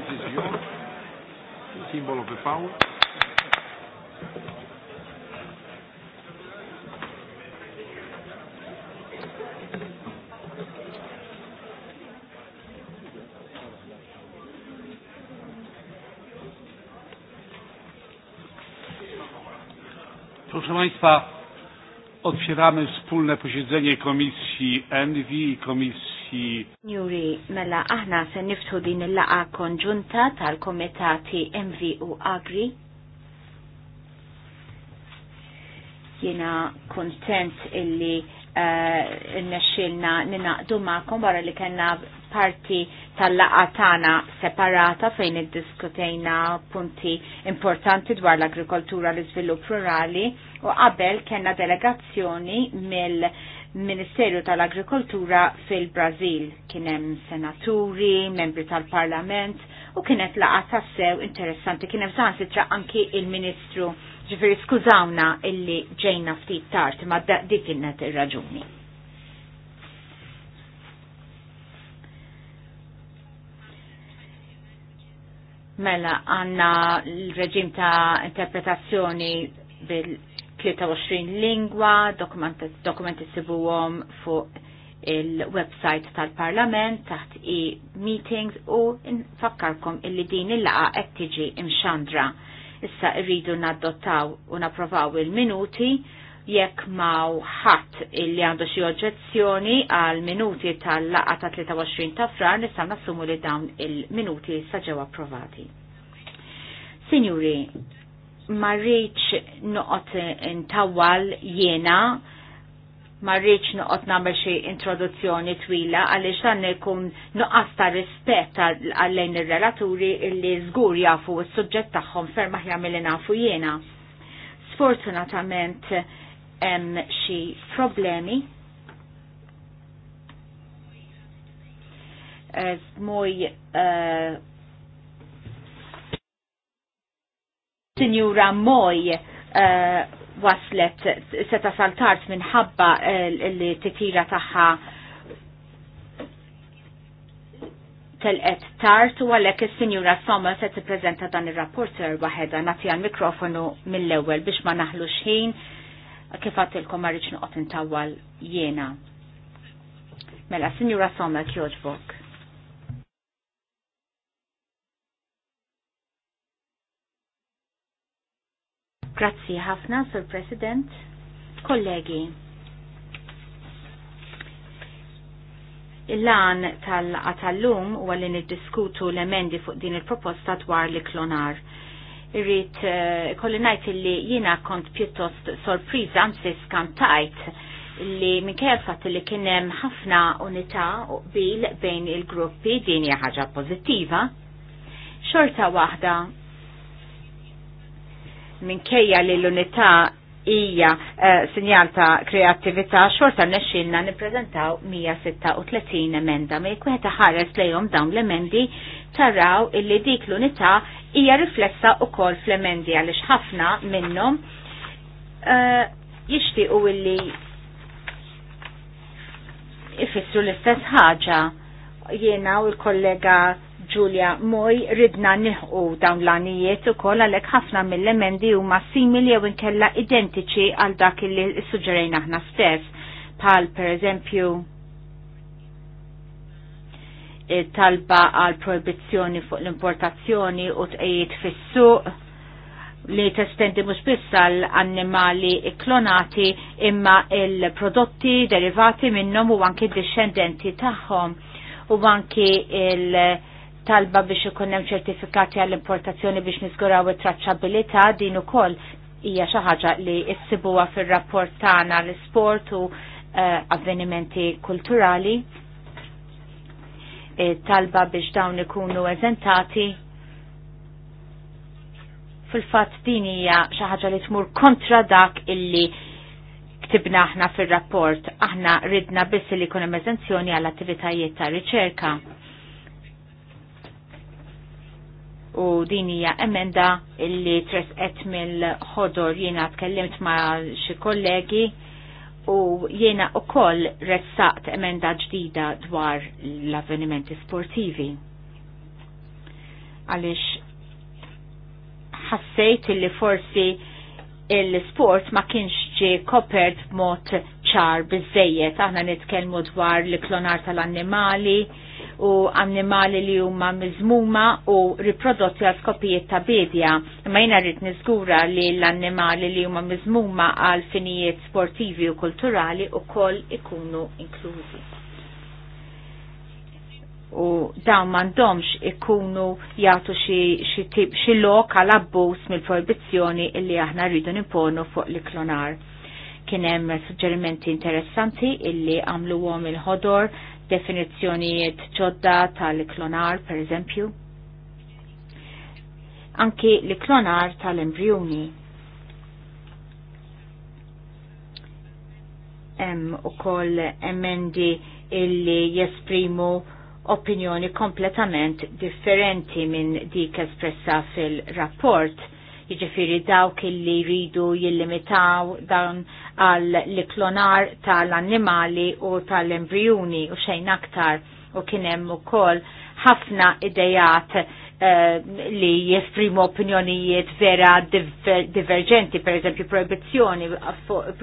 This is your symbol of the power. Proszę Państwa, otwieramy wspólne posiedzenie Komisji ENVI i Komisji xi Njuri, mela aħna se niftu din il-laqa konġunta tal-Komitati MV u Agri. Jena kontent illi n-naxilna eh, n-nexxilna ninaqdu ma'kom barra li kena parti tal-laqa tana separata fejn id-diskutejna punti importanti dwar l-agrikoltura l-izvilupp rurali u qabel kena delegazzjoni mill- Ministeru tal-Agrikoltura fil-Brazil. Kienem senaturi, membri tal-Parlament u kienet laqa tassew interessanti. Kienem zan sitra anki il-Ministru. Ġifiri skużawna illi ġejna ftit tard, ma dik kienet ir-raġuni. Mela, għanna l-reġim ta' interpretazzjoni bil 23 lingwa, dokumenti sibuwom fuq il-website tal-parlament taħt e-meetings u nfakkarkom illi din il-laqa qed tiġi imxandra. Issa rridu naddottaw u napprovaw il-minuti jekk ma ħadd illi għandu xi oġġezzjoni għal minuti tal-laqa ta' 23 ta' frar nista' nassumu li dawn il-minuti sa ġew approvati. Sinjuri, marriċ noqot intawal jena, marriċ noqot namel xie introduzzjoni twila, għalli xan ikun nuqqas ta' rispet għallejn il-relaturi illi zgur jafu s-sujġet tagħhom ferma aħjar mill nafu jena. Sfortunatament hemm xi problemi eh, moj uh, Sinjura Moj eh, waslet seta saltart minħabba eh, li titira taħħa telqet tart u għalek il-Sinjura Sommer se t-prezenta dan il-rapporter waħeda nati għal-mikrofonu mill-ewel biex ma naħlu xħin kif għatilkom marriċ nuqot intawal jena. Mela, Sinjura Sommer, kjoġbok. Grazzi ħafna, Sur President, kollegi. Il-lan tal għatallum u id niddiskutu l-emendi fuq din il-proposta dwar li klonar. Irrit uh, eh, kolli li jina kont pjuttost sorpriz anzi skantajt, li minkejja fatt li kienem ħafna unità u bil bejn il-gruppi din hija ħaġa pożittiva. Xorta waħda minkejja li l-unità hija uh, sinjal ta' kreattività xorta nexxilna nippreżentaw 136 emenda. Ma jekk wieħed ħares lejhom dawn l-emendi taraw illi dik l-unità hija riflessa wkoll fl-emendi għaliex ħafna minnhom uh, jixtiequ illi ifissru l-istess ħaġa jiena u l-kollega Ġulja Moj ridna nħu dawn l-anijiet u koll għalek ħafna mill-emendi u ma simili u nkella identiċi għal dak li suġġerejna ħna stess. Pal per eżempju talba għal proibizzjoni fuq l-importazzjoni u t fis-suq li testendi mhux biss għal annimali klonati imma il-prodotti derivati minnhom u anki discendenti tagħhom u anki il- talba biex ikun hemm ċertifikati għall-importazzjoni biex niżguraw it-traċċabilità din ukoll hija xi ħaġa li issibuha fir-rapport tagħna l-isport u eh, avvenimenti kulturali eh, talba biex dawn ikunu eżentati fil-fatt din hija xi ħaġa li tmur kontra dak illi ktibna aħna fil-rapport, aħna ridna biss li kunem eżenzjoni għall attivitajiet ta' riċerka. u din hija emenda illi tresqet mill-ħodor jiena tkellimt ma' xi kollegi u jiena ukoll ressaqt emenda ġdida dwar l-avvenimenti sportivi. Għaliex ħassejt illi forsi il-sport ma kienx ġi kopert b'mod ċar biżejjed aħna nitkellmu dwar l-klonar tal-annimali, u annimali li huma miżmuma u riprodotti għal skopijiet ta' bedja. Imma jina rrid niżgura li l-annimali li huma miżmuma għal finijiet sportivi u kulturali u koll ikunu inklużi. U dawn m'għandhomx ikunu jagħtu xi lok għal abbuż mill-proibizzjoni illi aħna rridu nimponu fuq l-klonar kienem suġġerimenti interessanti illi għamlu għom il-ħodor definizzjonijiet ġodda tal-klonar, per eżempju. Anki l-klonar tal-embrjoni. Hemm ukoll emendi illi jesprimu opinjoni kompletament differenti minn dik espressa fil-rapport jiġifieri dawk illi jridu jillimitaw dawn għal l-klonar tal-annimali u tal embrijuni u xejn aktar u kien hemm ukoll ħafna idejat Eh, li jesprimu opinjonijiet vera divergenti, per eżempju proibizjoni,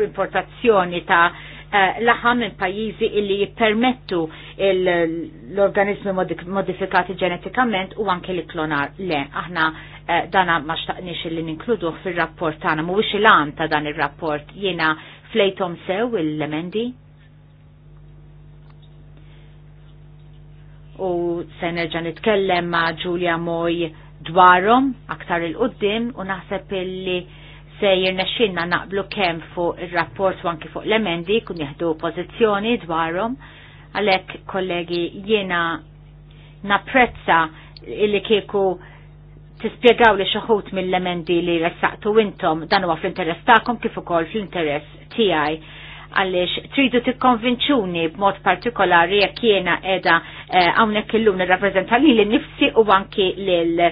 importazzjoni ta' eh, laħam minn pajjiżi illi jippermettu l-organizmi modifikati ġenetikament u anke li klonar le. Aħna eh, dana ma xtaqniex illi ninkludu fil-rapport tagħna mhuwiex il-għan ta' dan ir-rapport jiena flejtom sew il-lemendi. u se nerġa' nitkellem ma' Julia Moj dwarhom aktar il qoddim u naħseb illi se jirnexxinna naqblu kemm fuq ir-rapport u anki fuq l-emendi kun jihdu pozizjoni dwarhom għalhekk kollegi jiena napprezza illi kieku tispiegaw li xaħut mill-emendi li ressaqtu intom dan huwa fl-interess tagħkom kif ukoll fl-interess tiegħi għaliex tridu tikkonvinċuni b'mod partikolari jekk jiena edha eh, hawnhekk illum nirrappreżenta li nifsi u anki l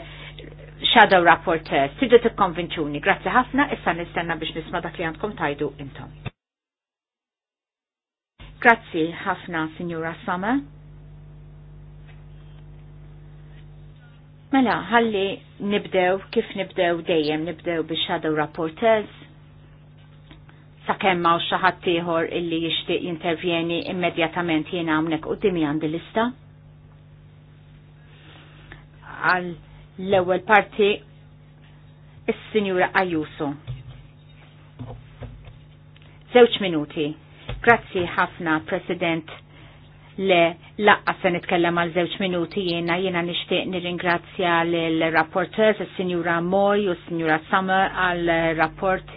Shadow Rapporteur. Tridu tikkonvinċuni. Grazzi ħafna, issa nistenna biex nisma' dak li għandkom tajdu intom. Grazzi ħafna, Signora Sama. Mela, ħalli nibdew kif nibdew dejjem nibdew biex shadow rapporteurs sakemm u xaħat tiħor ieħor illi jixtieq jintervjeni immedjatament jien hawnhekk qudiemi għandi lista. Għal l-ewwel parti is-Sinjura Ajuso. Żewġ minuti. Grazzi ħafna, President. Le, laqqa se nitkellem għal żewġ minuti jiena jiena nixtieq nirringrazzja l-rapporteurs, is-Sinjura Moj u s-Sinjura Summer għal rapport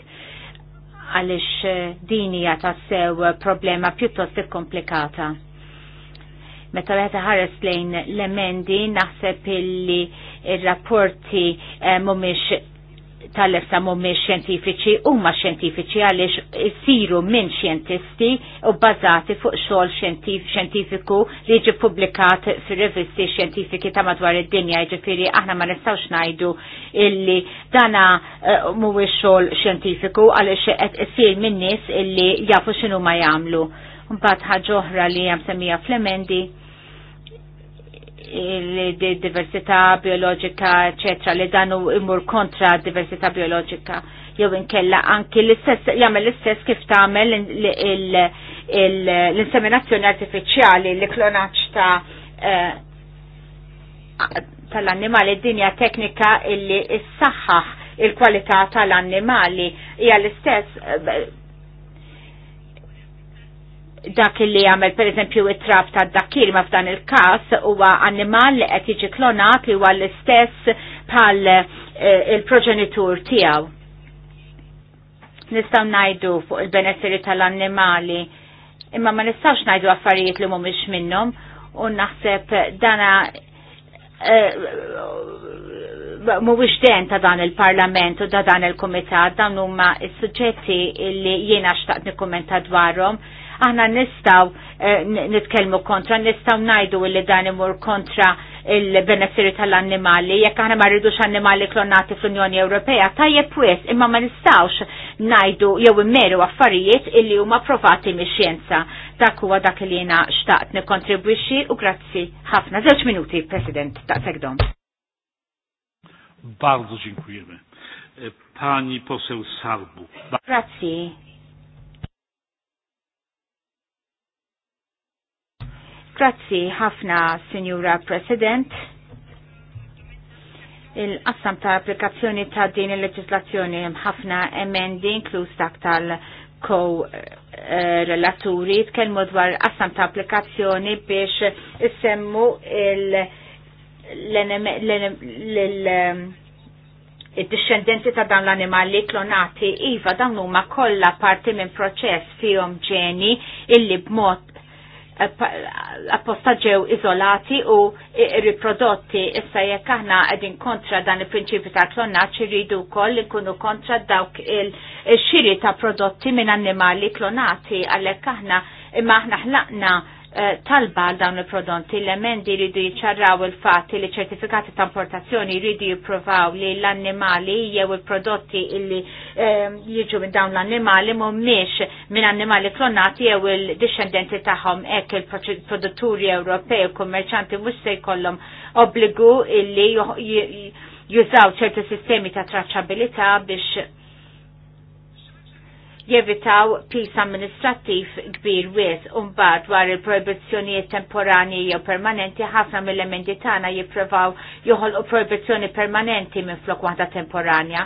għalix eh, dinija ta' sew problema pjuttost komplikata. Meta għet ħares lejn l-emendi naħseb illi il-rapporti eh, mumiex tal-efsa mumiex xjentifiċi huma xjentifiċi għaliex isiru minn xjentisti u bbażati fuq xogħol xjentifiku li jiġi publikat fi rivisti xjentifiki ta' madwar id-dinja, jiġifieri aħna ma nistgħux ngħidu illi dana uh, mhuwiex xogħol xjentifiku għaliex qed minn nies illi jafu xinu ma jagħmlu. Mbagħad ħaġa oħra li hemm semmija fl-emendi il-diversità biologika, eccetera, li danu imur kontra diversità biologika. Jew inkella anki l-istess, jagħmel l-istess kif tagħmel l-inseminazzjoni artifiċjali, l-klonaċ ta' eh, tal-annimali dinja teknika illi s-saħħaħ il-kwalità tal-annimali hija l-istess eh, dak li għamel per eżempju it-traf ta' dakir ma f'dan il-kas huwa animal li qed jiġi klonat li huwa l-istess bħal eh, il-proġenitur tiegħu. Nistgħu ngħidu fuq il benessiri tal-annimali imma ma nistgħux ngħidu affarijiet li mhumiex minnhom u naħseb dana eh, mhuwiex den ta' dan il-Parlament u ta' dan il-Kumitat dan huma s-suġġetti li jiena xtaqt nikkumenta dwarhom aħna nistaw eh, nitkelmu kontra, nistaw najdu illi dan imur kontra il-benessiri tal-annimali, jekk aħna ma rridux annimali klonati fl-Unjoni Ewropea, tajjeb wis, imma ma nistawx najdu jew immeru affarijiet illi huma provati mix-xjenza. Dak huwa dak li jiena xtaqt nikkontribwixxi u grazzi ħafna. Żewġ minuti, President, ta' segdom. Bardzo dziękujemy. E, pani poseł Sarbu. Grazie. Grazzi ħafna, Signora President. Il-qassam ta' applikazzjoni ta' din il-leġislazzjoni ħafna emendi inkluż dak tal-ko-relaturi tkellmu dwar qassam ta' applikazzjoni biex issemmu il- il-discendenti ta' dan l-animali klonati, iva dan huma kollha parti minn proċess fihom ġeni illi b'mod apposta ġew izolati u riprodotti issa jekk aħna qegħdin kontra dan il-prinċipju ta' klonaċ irridu wkoll ikunu kontra dawk il-xiri ta' prodotti minn annimali klonati għalhekk aħna imma aħna ħlaqna Eh, talba għal dawn il-prodotti l-emendi jridu jiċċarraw il-fatti li ċertifikati ta' importazzjoni jridu jippruvaw li l-annimali jew il-prodotti illi eh, jiġu minn dawn l-annimali mhumiex minn annimali klonati jew il-discendenti tagħhom hekk il-produtturi Ewropej u kummerċanti mhux se jkollhom obbligu illi jużaw ċerti sistemi ta' traċċabilità biex jevitaw pis amministrativ kbir wis umbad dwar il-proibizzjonijiet temporani jew permanenti ħafna mill-elementi tagħna jipprovaw joħolqu proibizzjoni permanenti minn flok waħda temporanja.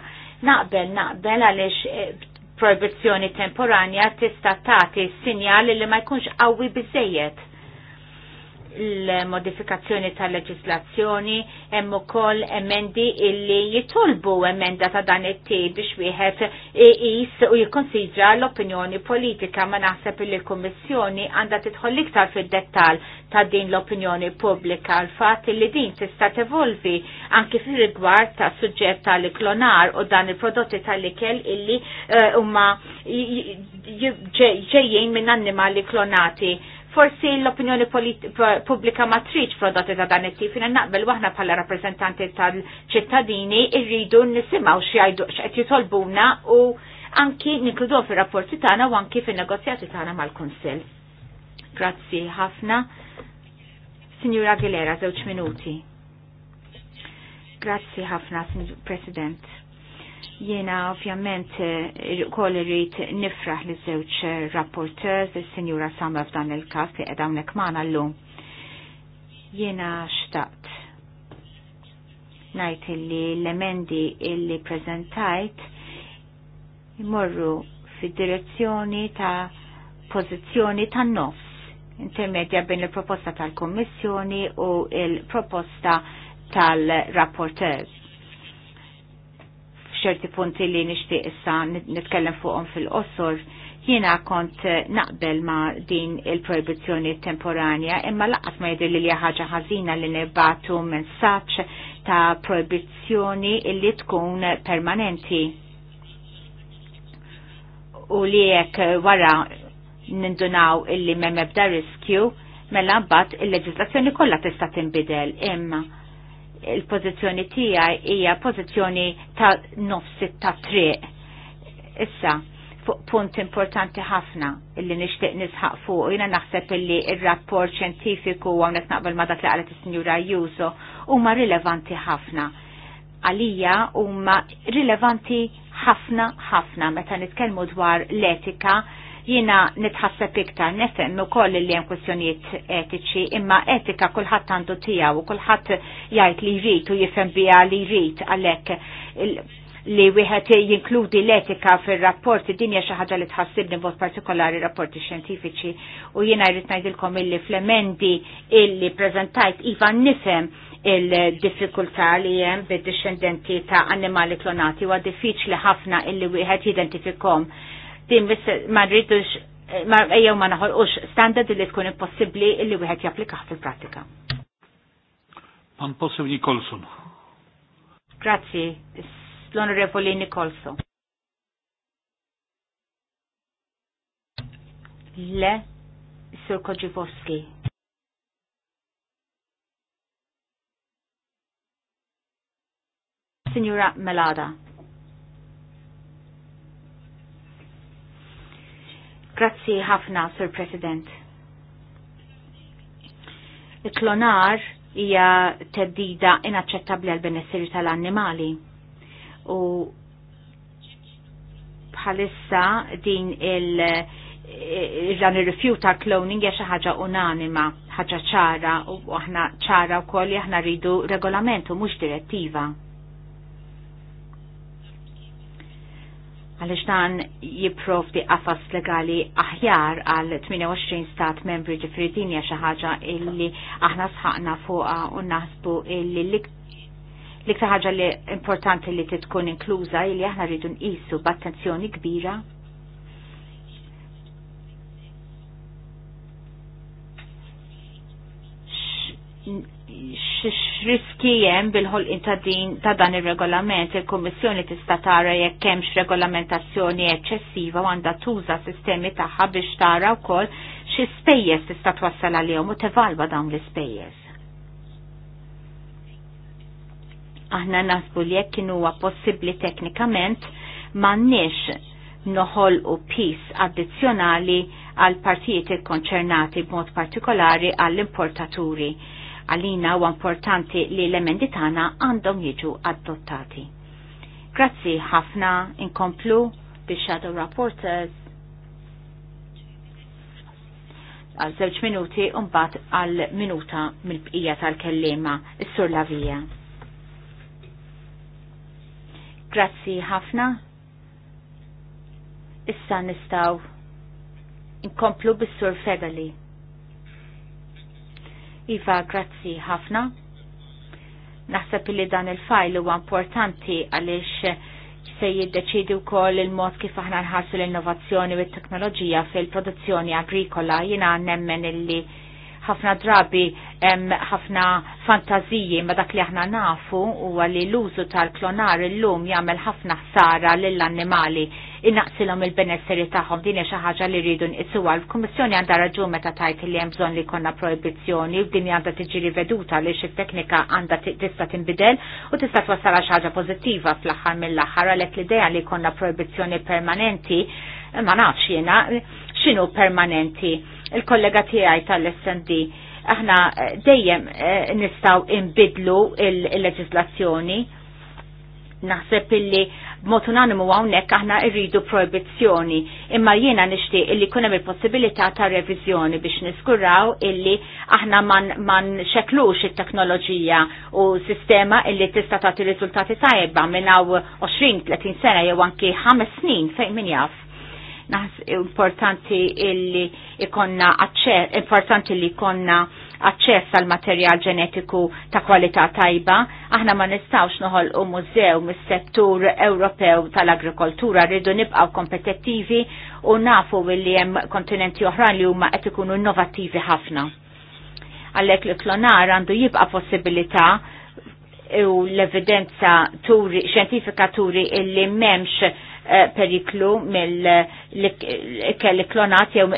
Naqbel, naqbel għaliex eh, proibizzjoni temporanja tista' tagħti sinjal li ma jkunx qawwi biżejjed l-modifikazzjoni tal-leġislazzjoni hemm ukoll emendi illi jitolbu emenda ta' dan it-tip biex wieħed iqis u jikkonsidra l-opinjoni politika ma naħseb li l-Kummissjoni għandha tidħol iktar fid-dettall ta' din l-opinjoni pubblika l fatt li din tista' tevolvi anki fir-rigward ta' suġġett tal-klonar u dan il-prodotti tal-ikel illi eh, huma ġejjin minn annimali klonati forsi l-opinjoni pubblika ma prodotti ta' dan it-tif, jina naqbel wahna bħala rappresentanti tal-ċittadini irridu nisimaw xiajdu xiet jitolbuna u anki nikludu fir rapporti tagħna u anki fin-negozjati tagħna mal-Kunsill. Grazzi ħafna. Signora Aguilera, żewġ minuti. Grazzi ħafna, President. Jena ovvjament eh, koll irrit nifraħ li żewġ eh, rapporteurs, il-Sinjura Samra f'dan il-kas li qed hawnhekk magħna llum. Jena xtaqt najt li l-emendi illi prezentajt imorru fid-direzzjoni ta' pożizzjoni tan-nofs intermedja bejn il-proposta tal-Kommissjoni u il-proposta tal-rapporteurs f'ċerti punti li nixtieq issa nitkellem fuqhom fil-qosor, jiena kont eh, naqbel ma' din il-proibizzjoni temporanja, imma laqqas ma jidher li ħaġa ħażina li nibatu messaġġ ta' proibizzjoni li tkun permanenti. U li jekk wara nindunaw illi m'hemm ebda riskju, mela mbagħad il-leġislazzjoni kollha tista' tinbidel imma il-pozizjoni tiegħi hija pożizzjoni ta' nofsi ta' triq. Issa, fuq punt importanti ħafna illi nixtieq nisħaq fuq. Jiena naħseb illi il rapport xjentifiku hawnhekk naqbel ma dak li qalet is-Sinjura Juso huma rilevanti ħafna. Għalija huma rilevanti ħafna ħafna meta nitkellmu dwar l-etika Jina nitħasseb iktar u ukoll li hemm kwestjoniet etiċi, imma etika kulħadd għandu tiegħu u kulħadd jgħid li jrid u jifhem bija li jrid għalhekk li wieħed jinkludi l-etika fir-rapporti dinja xi ħaġa li tħassibni b'mod partikolari rapporti xjentifiċi u jiena jrid ngħidilkom illi fl-emendi illi preżentajt iva nifhem il-diffikultà li hemm bid dixxendenti ta' annimali klonati huwa diffiċli ħafna illi wieħed jidentifikhom din bis ma rridux ma ejjew ma naħolqux standard li tkun impossibbli li wieħed japplikaħ fil-prattika. Pan Nikolson. Grazzi, l-Onorevoli Nikolson. Le, Sur Signora Melada. Grazzi ħafna, Sur President. Il-klonar hija teddida inaċċettabbli għal benessiri tal-annimali. U bħalissa din il- dan ir-rifjuta cloning hija xi ħaġa unanima, ħaġa ċara u aħna ċara wkoll aħna rridu regolamentu mhux direttiva. għalix dan jiprovdi għafas legali aħjar għal 28 stat membri ġifri dinja xaħġa illi aħna sħaqna fuqa u naħsbu illi li ktaħġa ħaġa li importanti li titkun inkluża illi aħna rridu nqisu b'attenzjoni kbira. X x'riski hemm bil ħol ta' ta' dan ir-regolament il-Kummissjoni tista' tara jekk hemmx regolamentazzjoni eċċessiva u għandha tuża sistemi tagħha biex tara wkoll xi spejjeż tista' twassal għalihom u tevalwa dawn l-ispejjeż. Aħna nasbu li jekk kien huwa possibbli teknikament m'għandniex noħolqu pis addizzjonali għal partijiet konċernati b'mod partikolari għall-importaturi Għalina u importanti li l-emendi tagħna għandhom jiġu adottati. Grazzi ħafna inkomplu bi shadow rapporters għal żewġ minuti u mbagħad għal minuta mill-bqija tal-kellima is-sur Lavija. Grazzi ħafna. Issa nistaw inkomplu bis-sur Fedeli. Iva, grazzi ħafna. Naħseb li dan il-fajl huwa importanti għaliex se jiddeċidi wkoll il-mod kif aħna nħarsu l-innovazzjoni u t-teknoloġija fil-produzzjoni agrikola jiena nemmen illi ħafna drabi hemm ħafna fantaziji ma dak li aħna nafu huwa li l-użu tal-klonar illum jagħmel ħafna ħsara lill-annimali innaqsilhom il-benesseri tagħhom din hija xi ħaġa li rridu nqisuha. L-Kummissjoni għandha raġun meta tajt li hemm bżonn li jkollna proibizzjoni u din għandha tiġi riveduta li xi teknika għandha tista' tinbidel u tista' twassal xi ħaġa pożittiva fl-aħħar mill-aħħar għalhekk l-idea li jkollna proibizzjoni permanenti ma nafx jiena x'inhu permanenti. Il-kollega tiegħi tal-SND aħna eh, dejjem eh, nistaw imbidlu il-leġislazzjoni. Naħseb illi b'mod unanimu hawnhekk aħna rridu proibizzjoni, imma jiena nixtieq illi jkun hemm il-possibilità ta' reviżjoni biex niskuraw illi aħna man xeklux it-teknoloġija u sistema illi tista' tagħti riżultati tajba minn hawn 20-30 sena jew anki 5 snin fejn min jaf naħs importanti illi ikonna importanti li ikonna aċċess għal materjal ġenetiku ta' kwalità tajba. Aħna ma nistawx noħol u mużew mis-settur Ewropew tal-agrikoltura rridu nibqaw kompetittivi u nafu illi hemm kontinenti oħrajn li huma qed ikunu innovattivi ħafna. Għalhekk li klonar għandu jibqa' possibilità u l-evidenza turi, xentifika turi illi memx Eh, periklu mill-ikel klonati jew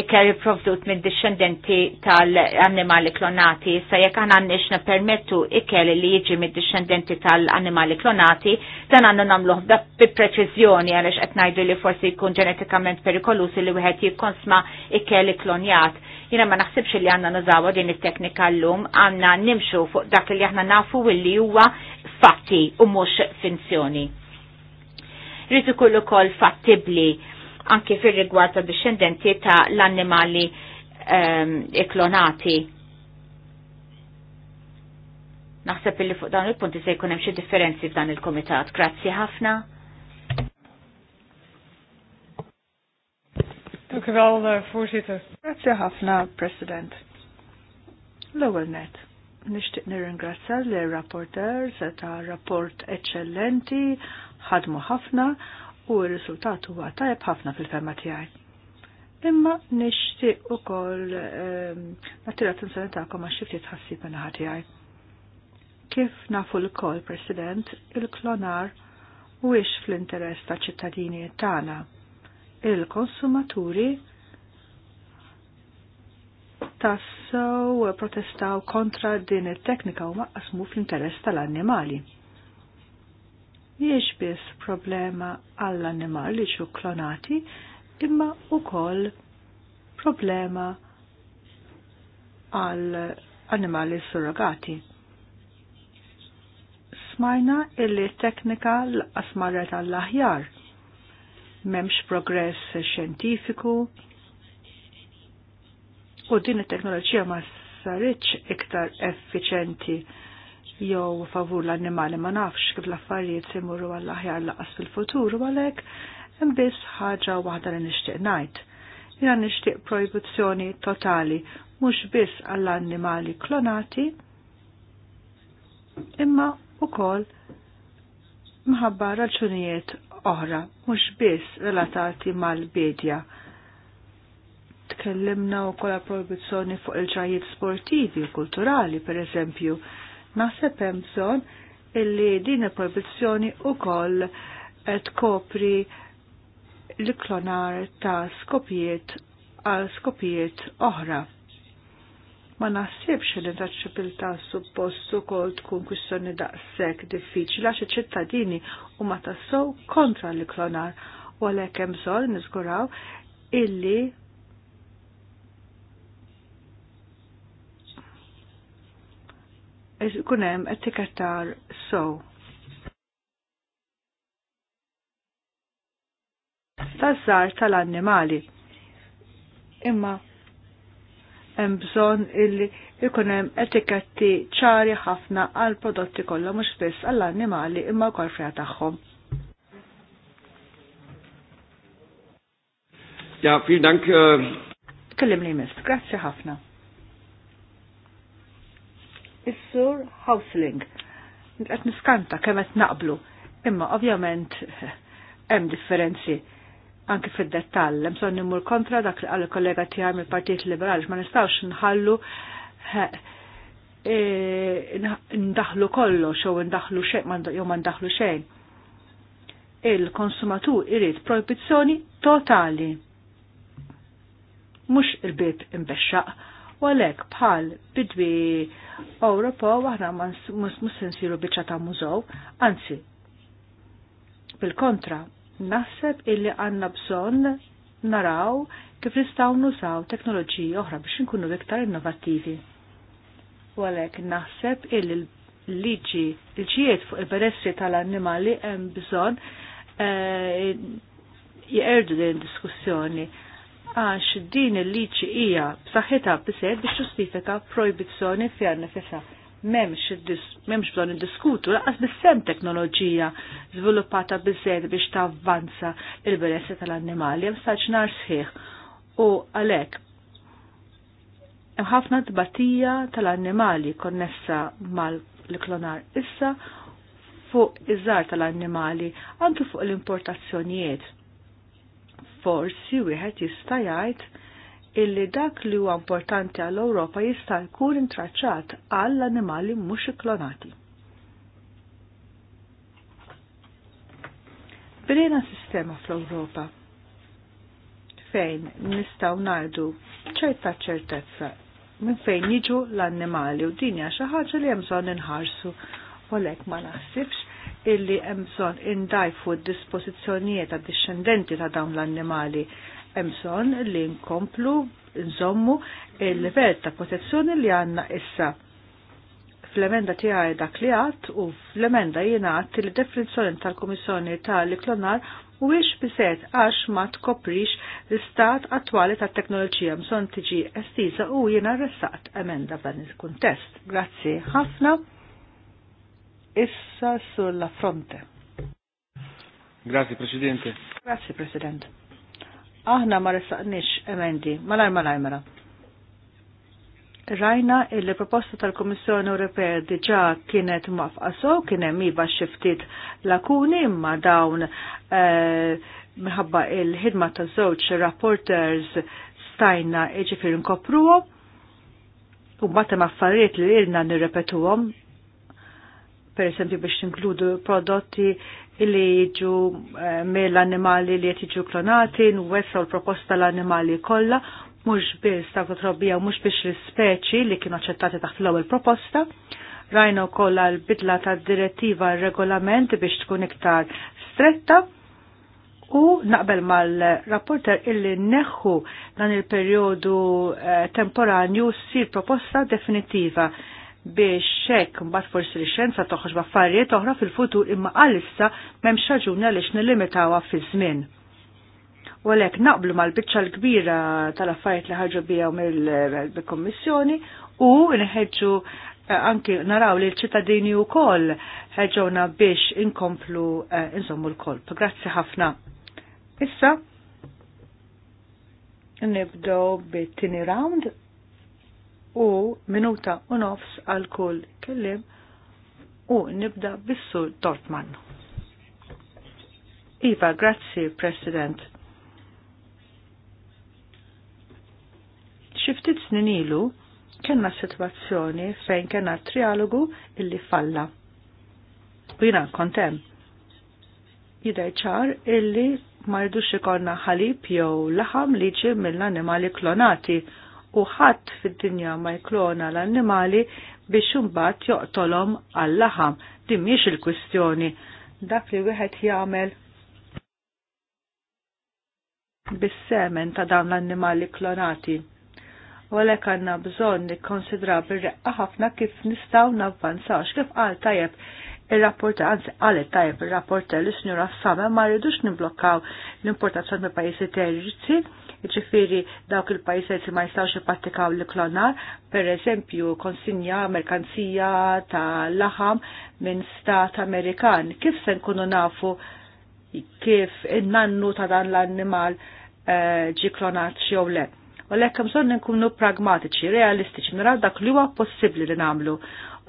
ikkelli provdut minn discendenti tal-annimali klonati. Sa jekk aħna għandniex permettu ikkelli li jiġi mid discendenti tal-annimali klonati, dan għandna nagħmluh da bi preċizjoni għaliex qed ngħidu li forsi jkun ġenetikament perikolusi li wieħed jikkonsma ikkelli klonjat jina ma naħsibx li għanna nazawa din it-teknika l-lum, għanna nimxu fuq dak li aħna nafu li huwa fatti u mhux finzjoni rrid ikun ukoll fattibbli anke fir-rigward ta' discendenti ta' l-annimali eklonati. Ehm, iklonati. Naħseb li fuq dawn il-punti se jkun hemm xi differenzi f'dan il-kumitat. Grazzi ħafna. Eh, Grazie ħafna, president. L-ewwel net. Nixtieq nirringrazzja l rapporters ta' rapport eċċellenti ħadmu ħafna u r-riżultat huwa tajb ħafna fil-ferma tiegħi. Imma nixtieq ukoll ehm, nattira attenzjoni tagħkom għax xifti tħassib minn ħadd tiegħi. Kif nafu l-kol, President, il-klonar huwiex fl-interess ta' ċittadini tagħna. Il-konsumaturi tassew protestaw kontra din it-teknika u maqqasmu fl-interess tal-annimali miex biss problema għall animal li xu klonati, imma u koll problema għall-annimali surrogati. Smajna illi teknika l-asmarret għall-aħjar. Memx progress xjentifiku u din it-teknoloġija ma saritx iktar effiċenti jew favur l-annimali ma nafx kif l-affarijiet se jmorru għall-aħjar laqas fil-futur u għalek, imbiss ħaġa waħda li nixtieq ngħid. Jiena nixtieq proibizzjoni totali mhux biss għall-annimali klonati imma kol mħabba raġunijiet oħra mhux biss relatati mal-bedja tkellimna u kolla proibizzjoni fuq il-ġajiet sportivi, kulturali, per eżempju, Naħseb hemm bżonn illi din il koll et tkopri l-klonar ta' skopijiet għal skopijiet oħra. Ma naħsibx li taċċibilta suppost ukoll tkun kwistjoni daqshekk diffiċli għax iċ-ċittadini huma tassew kontra l-klonar u għalhekk hemm bżonn niżguraw illi kunem etikettar sow. Tazzar tal-annimali. Imma hemm bżonn illi ikun hemm etiketti ċari ħafna għal prodotti kollha mhux biss għall-annimali imma wkoll fiha tagħhom. Ja, vielen Dank. Äh, Kellim li mist, grazzi ħafna is-sur Housling. Qed niskanta kemm qed naqblu, imma ovvjament hemm differenzi anki fid-dettall, hemm son nimur kontra dak li qal kollega tiegħi mill-Partit Liberali ma nistgħux nħallu eh, ndaħlu kollox jew ndaħlu xejn jew ma ndaħlu xejn. Il-konsumatur irid proibizzjoni totali. Mhux il-bib imbexxaq U għalhekk bħal bidwi Ewropew aħna mus sensiru biċċa ta' mużow, anzi. Bil-kontra, naħseb illi għandna bżonn naraw kif nistgħu nużaw teknoloġiji oħra biex inkunu iktar innovattivi. U għalhekk naħseb illi l-liġi, l ġijiet fuq il-beressi tal-annimali hemm bżon eh, jgħerdu din diskussjoni għax din il-liċi hija b'saħħitha b'sed biex ġustifika projbizzjoni fjar nifisha. Memx bżonn diskutu laqas bis-sem teknoloġija żviluppata biżed biex tavvanza il-benessi tal-annimali hemm saġ nar sħiħ. U għalhekk hemm ħafna tbatija tal-annimali konnessa mal-klonar issa fuq iż-żar tal-annimali, għandu fuq l-importazzjonijiet forsi wieħed jista' jgħid illi dak li huwa importanti għall europa jista' jkun intraċċat għall animali mhux ikklonati. Brina sistema fl-Ewropa fejn nistgħu ngħidu ċerta ċertezza minn fejn jiġu l-annimali u dinja xi ħaġa li hemm bżonn inħarsu u lek ma naħsibx illi emson indajfu d-dispozizjonijiet ta' discendenti ta' dawn l-annimali emson li nkomplu nżommu il-livell ta' protezzjoni li għanna issa fl-emenda tiegħi dak li għat u fl-emenda jingħad li definizzjoni tal-Kummissjoni tal-Iklonar mhuwiex biset għax ma tkoprix l-istat attwali tat-teknoloġija mson tiġi estiża u jiena ressaqt emenda f'dan il-kuntest. Grazzi ħafna issa sulla fronte. Grazie Presidente. Grazie President. Aħna ma ressaqnix emendi, malar malar mela. Rajna il proposta tal-Komissjoni Ewropea diġa kienet mafqa so, kien hemm iva xiftit lakuni imma dawn eh, minħabba il-ħidma ta' żewġ rapporters stajna iġifir nkopruhom u mbagħad hemm affarijiet li ilna nirrepetuhom per esempio biex tinkludu prodotti eh, li jiġu mill-animali li jiġu klonati, nwessaw l-proposta l-animali kollha, mhux biss ta' trobbija mhux biex l-speċi li kienu aċċettati taħt l-ewwel proposta, rajna wkoll l-bidla ta' direttiva regolament biex tkun iktar stretta u naqbel mal-rapporter illi neħu dan il-perjodu eh, temporanju si proposta definitiva biex hekk mbagħad forsi l-xjenza toħroġ b'affarijiet oħra fil-futur imma għalissa m'hemmx raġuni għaliex nilimitawha fiż-żmien. U għalhekk naqblu mal-biċċa l-kbira tal-affarijiet li ħarġu biha mill-Kommissjoni u nħeġġu eh, anki naraw li l-ċittadini u kol ħeġona biex inkomplu eh, inżommu insommu l kolp Grazzi ħafna. Issa, nibdow bit-tini round u minuta u nofs għal kull kellim u nibda bissu Dortman. Iva, grazzi, President. Xiftit sninilu kena situazzjoni fejn kena trialogu illi falla. U jina kontem. Jidaj ċar illi marduxi konna ħalib jew laħam liġi mill-animali klonati u ħadd fid-dinja ma jklona l-annimali biex imbagħad joqtolhom għall-laħam. Din mhix il-kwistjoni. Dak li wieħed jagħmel bis-semen ta' dawn l-annimali klonati. U għalhekk għandna bżonn nikkonsidra bir-reqqa ħafna kif nistgħu navvanzax kif qal tajjeb il-rapporta, għanzi qalet tajjeb il-rapporta li s-njura s-sama ma rridux nimblokkaw l-importazzjoni me pajjiżi terġi, iċifiri dawk il-pajjiżet ma jistgħux jipattikaw l-klonar, pereżempju konsinja merkanzija ta' laħam minn stat Amerikan. Kif se nkunu nafu kif in-nannu ta' dan l-annimal eh, ġi klonat xew le? U lekk bżonn nkunu pragmatiċi, realistiċi, naraw dak li huwa possibbli li nagħmlu.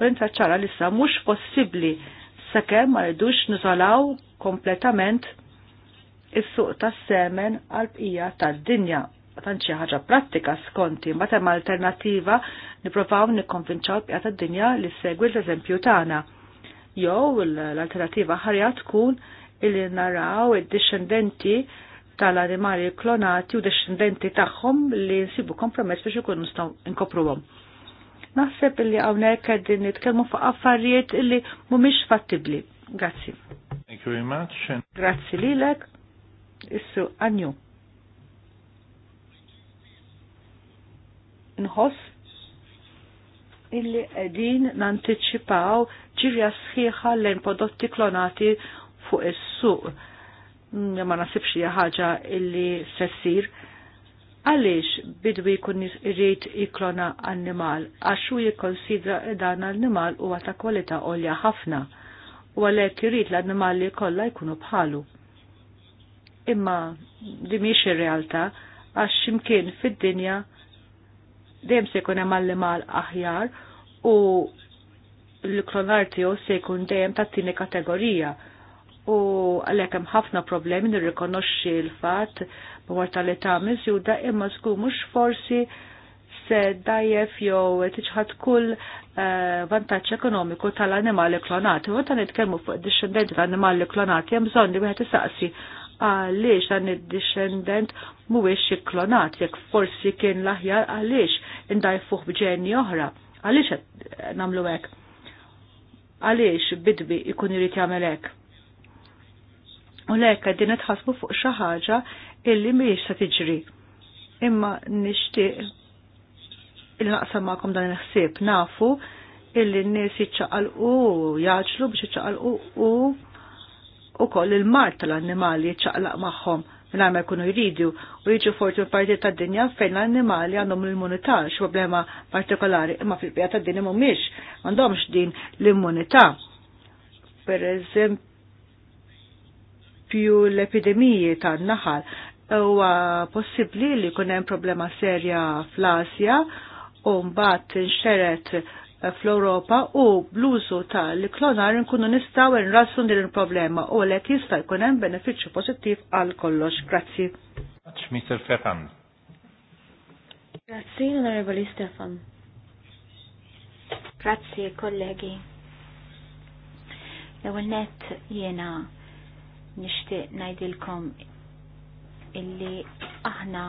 U intraċċara lissa mhux possibbli sakemm ma rridux niżolaw kompletament is-suq tas-semen għal bqija tad-dinja tant xi ħaġa prattika skonti, ma hemm alternattiva nippruvaw nikkonvinċaw bqija tad-dinja li segwi l-eżempju tagħna. Jew l-alternattiva ħarja tkun illi naraw id dixxendenti tal-animali klonati u dixxendenti tagħhom li nsibu kompromess biex ikunu nistgħu nkopruhom. Naħseb illi hawnhekk qegħdin nitkellmu fuq affarijiet illi mhumiex fattibbli. Grazzi. Thank you very much. Grazzi lilek. Issu għanju. Nħoss illi qegħdin nanticipaw ġirja sħiħa lejn prodotti klonati fuq is-suq. Ma nasibx li ħaġa illi sessir. Għaliex bidwi kun irrit iklona annimal, għaxu jikonsidra dan annimal u għata kwalità olja ħafna, u għalek irrit l annimali li kolla jkunu bħalu imma di miex ir-realtà għax ximkien fid-dinja dejjem se jkun hemm mal aħjar u l-klonar tiegħu se jkun dejjem tat-tieni kategorija u għalhekk hemm ħafna problemi nirrikonoxxi l-fatt b'mortalità miżjuda imma sku mhux forsi se dajjef jew tiġħad kull eh, vantaġġ ekonomiku tal-annimali klonati. U ta' nitkellmu fuq id-discendenti tal-annimali klonati hemm bżonn li wieħed isaqsi għaliex dan id descendent mhuwiex ikklonat jekk forsi kien l-aħjar għaliex indajfuh b'ġeni oħra. Għaliex qed nagħmlu hekk? Għaliex bidbi ikun irid jagħmel hekk? U lek qegħdin nitħassbu fuq xi ħaġa illi mhijiex se tiġri. Imma nixtieq il-naqsam magħkom dan il-ħsieb nafu illi n-nies jiċċaqalqu, jaġlu biex jiċċaqalqu u u koll il-mart tal-annimali ċaqlaq maħħom minn ma jkunu jridu u jiġu forti parti ta' dinja fejn l-annimali għandhom l-immunità problema partikolari imma fil-bija ta' dinja mumiex għandhom din l-immunità. Per eżempju l-epidemiji ta' naħal huwa possibbli li jkun hemm problema serja fl-Asja u mbagħad nxeret fl-Europa u bluzu ta' li klonar nkunu nistaw nrassu din il-problema u għalek jista' jkun hemm benefiċċju pożittiv għal kollox. Grazzi. Mr. Stefan. Grazzi, Onorevoli Stefan. Grazzi, kollegi. L-ewwel net jiena nixtieq ngħidilkom illi aħna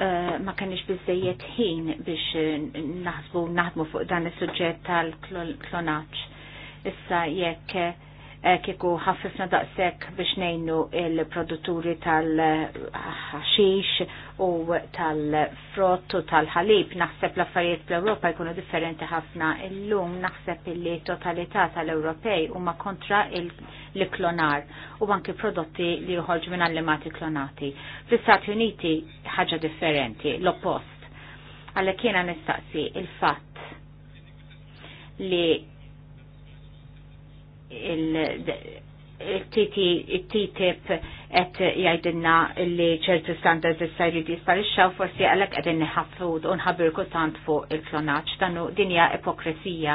Eh, ma kenniex bizzejiet ħin biex eh, naħsbu naħdmu fuq dan is-suġġett tal-klonaċ. Issa jekk eh, Eh, kieku ħaffifna daqsek biex nejnu il-produtturi tal-ħaxix u tal-frott u tal-ħalib. Naħseb l-affarijiet fl-Ewropa jkunu differenti ħafna illum naħseb li totalità tal-Ewropej huma kontra l-klonar u anki prodotti li joħolġu minn allimati klonati. Fl-Istati Uniti ħaġa differenti, l-oppost. Għalhekk jiena nistaqsi il-fatt li il-TTIP et jajdinna li ċertu standard sajri disparixxaw forsi għalek għedin nħaffud unħabirku tant fuq il-klonaċ danu dinja ipokresija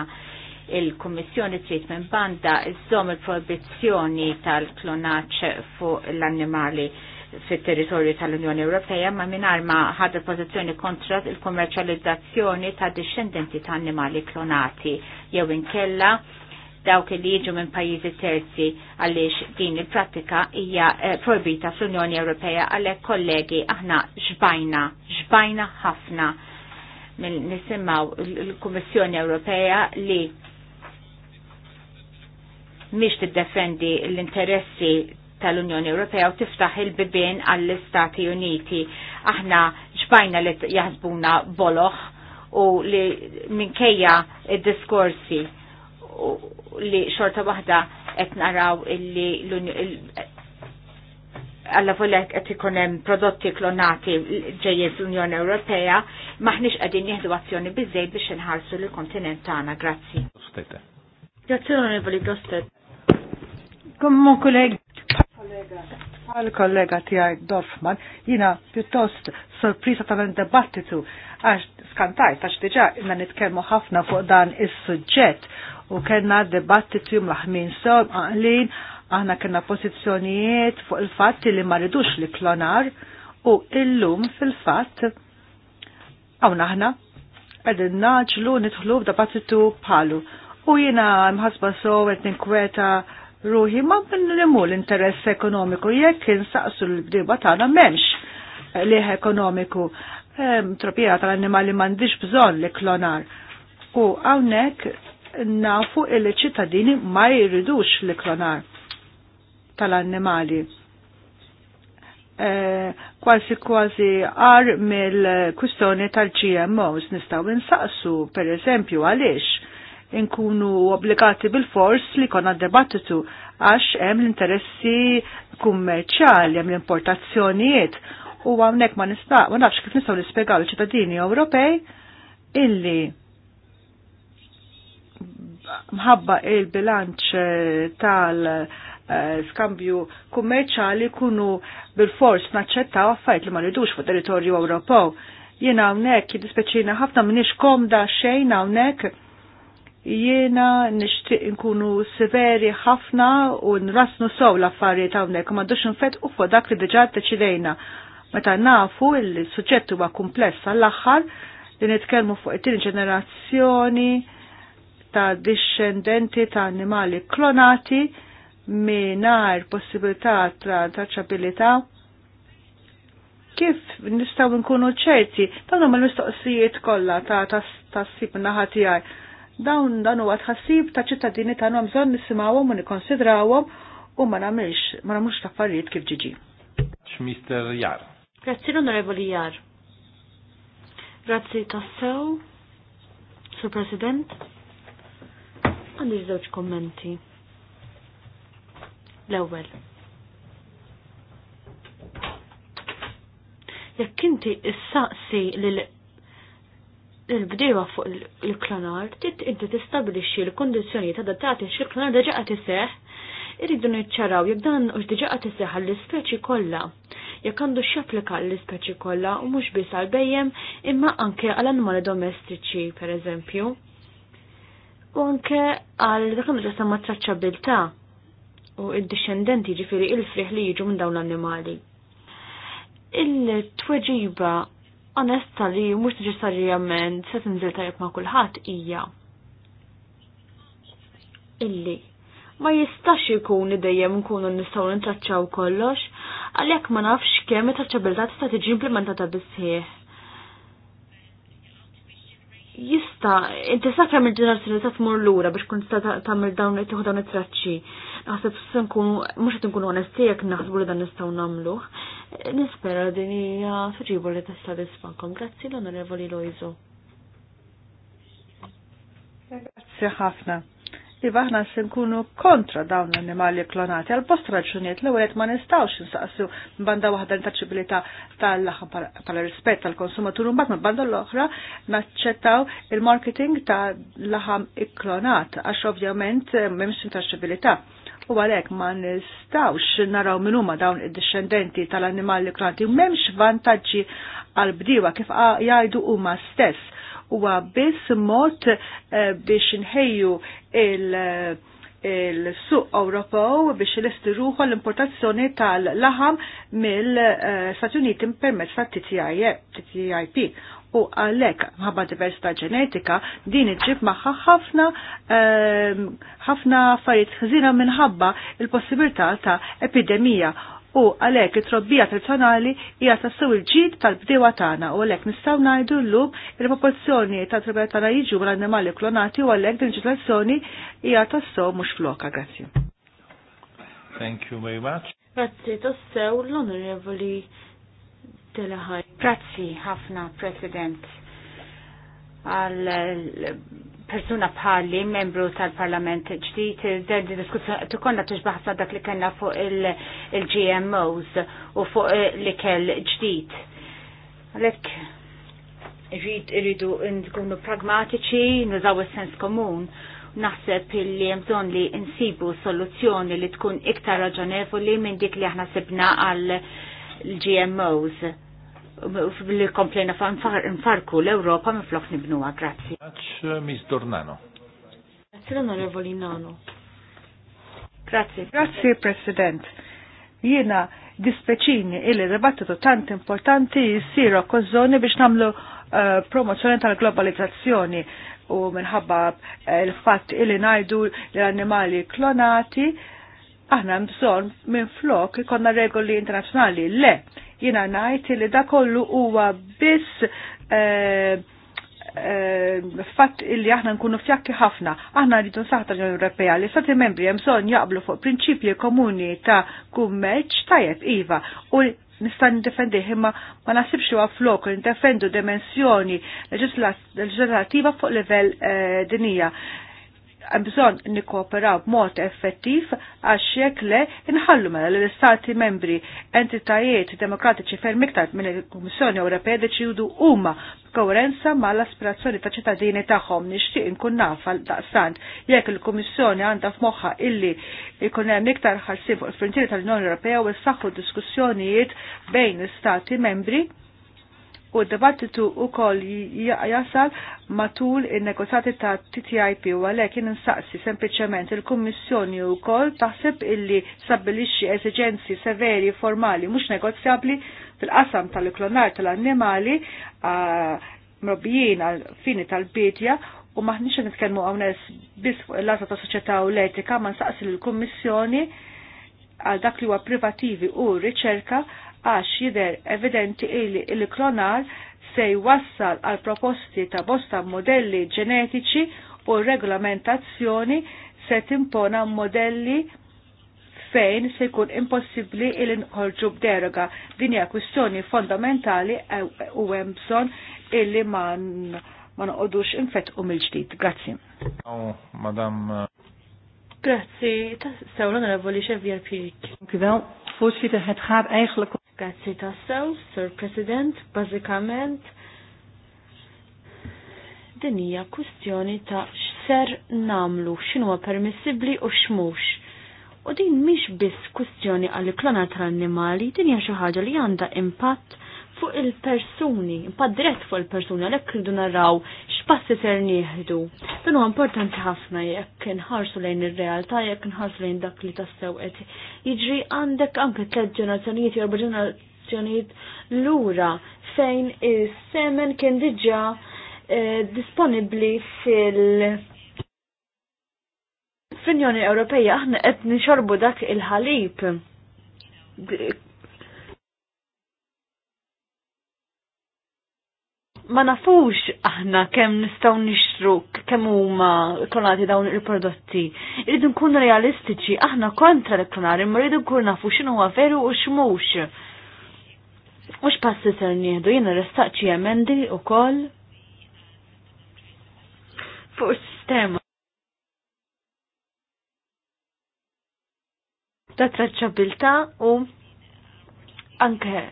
il-Kommissjoni trid minn banda iżżomm il-proibizzjoni tal-klonaċ fuq l-annimali fit territorju tal-Unjoni Ewropea ma mingħajr ma ħad il-pozizjoni kontra il-kommerċializzazzjoni ta' discendenti ta' annimali klonati jew inkella dawk li jiġu minn pajjiżi terzi għaliex din il-prattika hija eh, proibita fl-Unjoni Ewropea għalhekk kollegi aħna xbajna, xbajna ħafna nisimgħu l-Kummissjoni Ewropea li mhix tiddefendi l-interessi tal-Unjoni Ewropea u tiftaħ il-bibien għall-Istati Uniti. Aħna ġbajna li jaħsbuna boloħ u li minkejja id-diskorsi li xorta waħda qed naraw illi għalla volek qed ikun hemm prodotti klonati ġejjin fl-Unjoni Ewropea, maħniex qegħdin nieħdu azzjoni biżejjed biex inħarsu l-kontinent tagħna. Grazzi. Grazzi onorevoli Gostet. Kommu kolleg. Għal kollega tijaj Dorfman, jina pjuttost sorprisa tal-dibattitu għax skantajt għax diġa inna nitkellmu ħafna fuq dan is-suġġett u kellna dibattitu mlaħmin sew għalin aħna kellna pożizzjonijiet fuq il-fatt li ma ridux li klonar u illum fil-fatt għawna aħna għedin naġlu nidħlu f'dibattitu bħalu. U jiena mħasba sew qed ninkweta ruħi ma b'nimu l-interess ekonomiku jekk insaqsu l-bdiba tagħna m'hemmx liħ ekonomiku tropija tal-annimali mandiġ bżon li klonar. U għawnek nafu illi ċittadini ma jiridux li klonar tal-annimali. E, kwasi kwasi għar mill kustoni tal-GMOs nistaw insaqsu, per eżempju, għalix inkunu obbligati bil-fors li konna debattitu għax hemm l-interessi kummerċjali hemm l-importazzjonijiet u hawnhekk ma nistaq ma nafx kif nistgħu nispjegaw l ċittadini Ewropej illi mħabba il-bilanċ tal-skambju kummerċali kunu bil-fors naċċettaw affajt li ma ridux fuq territorju Ewropew. Jiena hawnhekk jidispeċina ħafna m'iniex komda xejn hawnhekk jiena nixtieq nkunu severi ħafna u nrasnu sow l-affarijiet hawnhekk ma dux infett u fuq dak li diġà deċidejna Meta nafu il-suġġett huwa kumpless għall-aħħar li nitkellmu fuq it-tieni ġenerazzjoni ta' discendenti ta' animali klonati mingħajr possibilità ta' traċċabilità. kif nistaw nkunu ċerti, dawn huma l-mistoqsijiet kollha ta' tassib naħa tiegħi. Dawn dan huwa tħassib ta' ċittadini tagħna bżonn nisimgħuhom u nikkonsidrawhom u ma nagħmilx ma nagħmlux ta' affarijiet kif ġiġi. Mr. Jar. Grazzi l-Onorevoli Jar. Grazzi tassew, Sur President. Għandi żewġ kommenti. L-ewwel. Jekk inti issaqsi lil il-bdewa fuq il-klonar, inti tistabilixxi l-kondizzjoni ta' datati xil-klonar deġa qed iseħħ, irridu niċċaraw jekk dan hux diġa qed iseħħ l-ispeċi kollha jekk għandu x'applika l-ispeċi kollha u mhux biss għal bejjem imma anke għal annimali domestiċi pereżempju. U anke għal dak għandu ġasam traċċabilità u il dixxendenti ġifiri il-friħ li jiġu minn dawn l-annimali. Il-tweġiba onesta li mhux neċessarjament se tinżil tajjeb ma' kulħadd hija illi ma jistax ikun li dejjem nkunu nistgħu nintraċċaw kollox għalhekk ma nafx kemm it-traċabilità tista' tiġi implementata bissieħ. Jista, inti sa kemm il-ġenerazzjoni ta' tmur lura biex kun tista' tagħmel dawn tieħu dawn it-traċċi. Naħseb se nkunu mhux qed nkunu onesti jekk naħsbu li dan nistgħu nagħmluh. Nispera din hija tiġibu li tista' tisfankom. Grazzi l-Onorevoli Lojzo. Grazzi ħafna iva ħna se nkunu kontra dawn l-annimali klonati għal post raġunijiet l-ewwel ma nistawx insaqsu banda wahda l-intaċibilità tal-aħħar bħala rispett tal-konsumatur mbagħad ma banda l-oħra naċċettaw il-marketing ta' laħam ikklonat għax ovvjament m'hemmx intaċċibilità. U għalhekk ma nistawx naraw minn huma dawn id-dixxendenti tal-annimali klonati m'hemmx vantaġġi għal bdiwa kif jgħidu huma stess huwa biss mod eh, biex nħejju il- il-suq Ewropew biex l-istiruħu l-importazzjoni tal-laħam mill-Stati eh, Uniti permezz ta' TTIP. E, U għalek, mħabba diversità ġenetika, din iġib maħħa ħafna eh, ħafna fajt ħżina minħabba il-possibilità ta' epidemija u għalhekk it-trobbija tradizjonali hija tassew il-ġid tal-bdewa tagħna u għalhekk nistgħu ngħidu llum il-proporzjoni ta' trobbija tagħna jiġu mal annimali klonati u għalhekk din il-ġenerazzjoni hija tassew mhux floka. Grazzi. Thank you very much. Grazzi tassew l-onorevoli Delaħaj. Grazzi ħafna, President għal persuna bħalli membru tal-parlament ġdijt, zerdi diskussjoni, tukonna tuġbaħsa dak li kena fuq il-GMOs u fuq eh, li kell ġdijt. Lek, irridu nkunu pragmatiċi, nużaw il-sens komun, naħseb li jemżon li insibu soluzzjoni li tkun iktar raġonevoli minn dik li aħna sibna għal gmos li komplejna nfarku l-Europa minn flok nibnuwa, grazzi. Għax mis Dornano. Grazzi l-Onorevoli Nano. Grazzi. Grazzi, President. Jiena dispeċini illi debattitu tant importanti jisiru kozzoni biex namlu eh, promozzjoni tal-globalizzazzjoni u minħabba eh, il-fatt illi najdu l-animali klonati, aħna mżon minn flok ikonna regoli internazzjonali. Le, Jina najt li da kollu huwa biss eh, eh, fatt illi aħna nkunu fjakki ħafna. Aħna rridu nsaħta l-Unjoni Ewropea li stati membri hemm bżonn jaqblu fuq prinċipji komuni ta' kummerċ tajjeb iva u nista' nindefendih imma ma naħsibx huwa flok nindefendu dimensjoni leġislattiva fuq livell eh, dinija bżon nikkooperaw b'mod effettiv għax jekk le inħallu mela li l-istati membri entitajiet demokratiċi ferm iktar minn il-Kummissjoni Ewropea deċidu huma koerenza ma l-aspirazzjoni ta' ċittadini tagħhom nixtieq inkun naf daqstant jekk il-Kummissjoni għandha f'moħħa illi jkun hemm iktar ħarsib fuq il-frontieri tal-Unjoni Ewropea u s diskussjonijiet bejn l-istati membri u d-dibattitu u koll jasal matul il-negozjati ta' TTIP u għalek jien nsaqsi sempliciment il-Kummissjoni u koll taħseb illi stabilixxi eżigenzi severi formali mhux negozjabli fil-qasam tal-klonar tal-annimali mrobbijin għal fini tal-bidja u maħniċ nitkellmu għawnes bis fuq il-lata ta' soċjetà u l-etika ma nsaqsi l-Kummissjoni għal dak li huwa privativi u riċerka għax jider evidenti illi il-klonar se jwassal għal proposti ta' bosta modelli ġenetiċi u regolamentazzjoni se timpona modelli fejn se jkun impossibbli il nħorġu b'deroga. Din hija kwistjoni fondamentali u hemm bżonn illi ma noqogħdux infettqu mill-ġdid. Grazzi. Oh, madam uh, Grazzi, ta' sew l-onorevoli xevjer Pirik. Dank Voorzitter, het gaat eigenlijk Grazzi tassew, Sir President, bażikament din hija kwistjoni ta' x'ser namlu, x'inhuwa permissibbli u xmux. U din mhix biss kwistjoni għall klona tal-annimali, din hija xi ħaġa li għandha impatt fuq il-persuni, impatt dirett fuq il-persuni, għalhekk rridu naraw passi ser nieħdu. Dan huwa importanti ħafna jekk inħarsu lejn ir-realtà, jekk inħarsu lejn dak li tassew qed jiġri għandek anke tliet ġenerazzjonijiet jew ġenerazzjonijiet lura fejn is-semen kien diġà eh, disponibbli fil- fl-Unjoni Ewropeja aħna qed nixorbu dak il-ħalib ma nafux aħna kemm nistgħu nixtru kemm huma klonati dawn il-prodotti. Irridu nkunu realistiċi, aħna kontra l klonari imma rridu nkun nafu x'inhu huwa veru u x'mhux. Mhux passi ser nieħdu jiena restaqċi emendi wkoll fuq is-sistema. Ta' traċċabilta u anke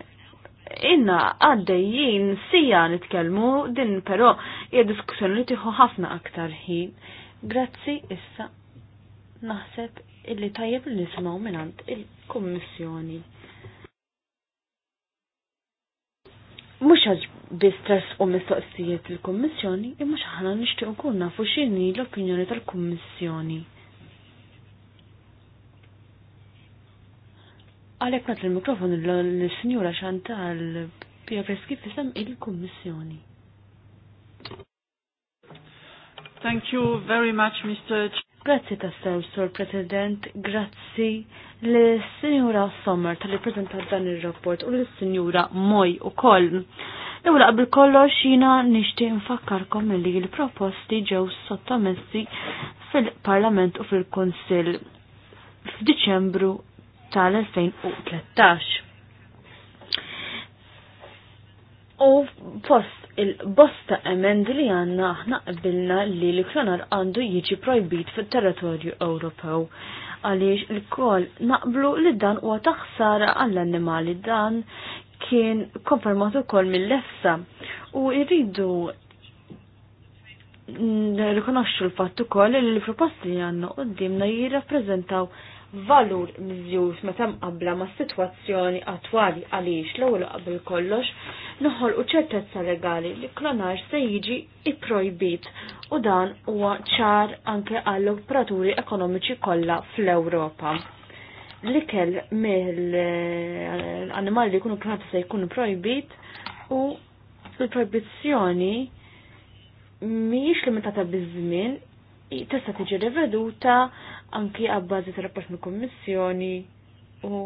inna għaddejjin sija nitkellmu din però hija diskussjoni li tieħu ħafna aktar ħin. Grazzi issa naħseb illi tajjeb li nisimgħu mingħand il-Kummissjoni. Mhux għax biss u mistoqsijiet il-Kummissjoni, imma x'aħna nixtieq nkun nafu x'inhi l-opinjoni tal-Kummissjoni. Għalek nat l-mikrofon l-Sinjura Xantal Pia kif isem il-Kommissjoni. Thank you very much, Mr. Grazzi tassew, Sur President, grazzi l-Sinjura Sommer tal-li prezenta dan il-rapport u l-Sinjura Moj u koll. Ewla qabel kollox jina nixtieq infakkarkom li l-proposti ġew sottomessi fil-Parlament u fil-Kunsill f'Diċembru tal-2013. U post il-bosta emendi li għanna aħna qbilna li l-klonar għandu jiġi projbit fit territorju Ewropew. Għaliex il-kol naqblu li dan huwa taħsara għall-annimali dan kien konfermatu kol mill-lefsa u jridu rikonoxxu l-fatt ukoll li l-proposti li għandna dimna jirrappreżentaw valur miżjus meta mqabbla ma' sitwazzjoni attwali għaliex l-ewwel qabel kollox noħolqu ċertezza legali li klonar se jiġi ipprojbit u dan huwa ċar anke għall operaturi ekonomiċi kollha fl-Ewropa. L-ikel mill-annimali li jkunu klonati se jkunu projbit u l projbizzjoni mhijiex limitata biż-żmien tista' tiġi riveduta anki għabbażi ta' rapport mill-Kummissjoni u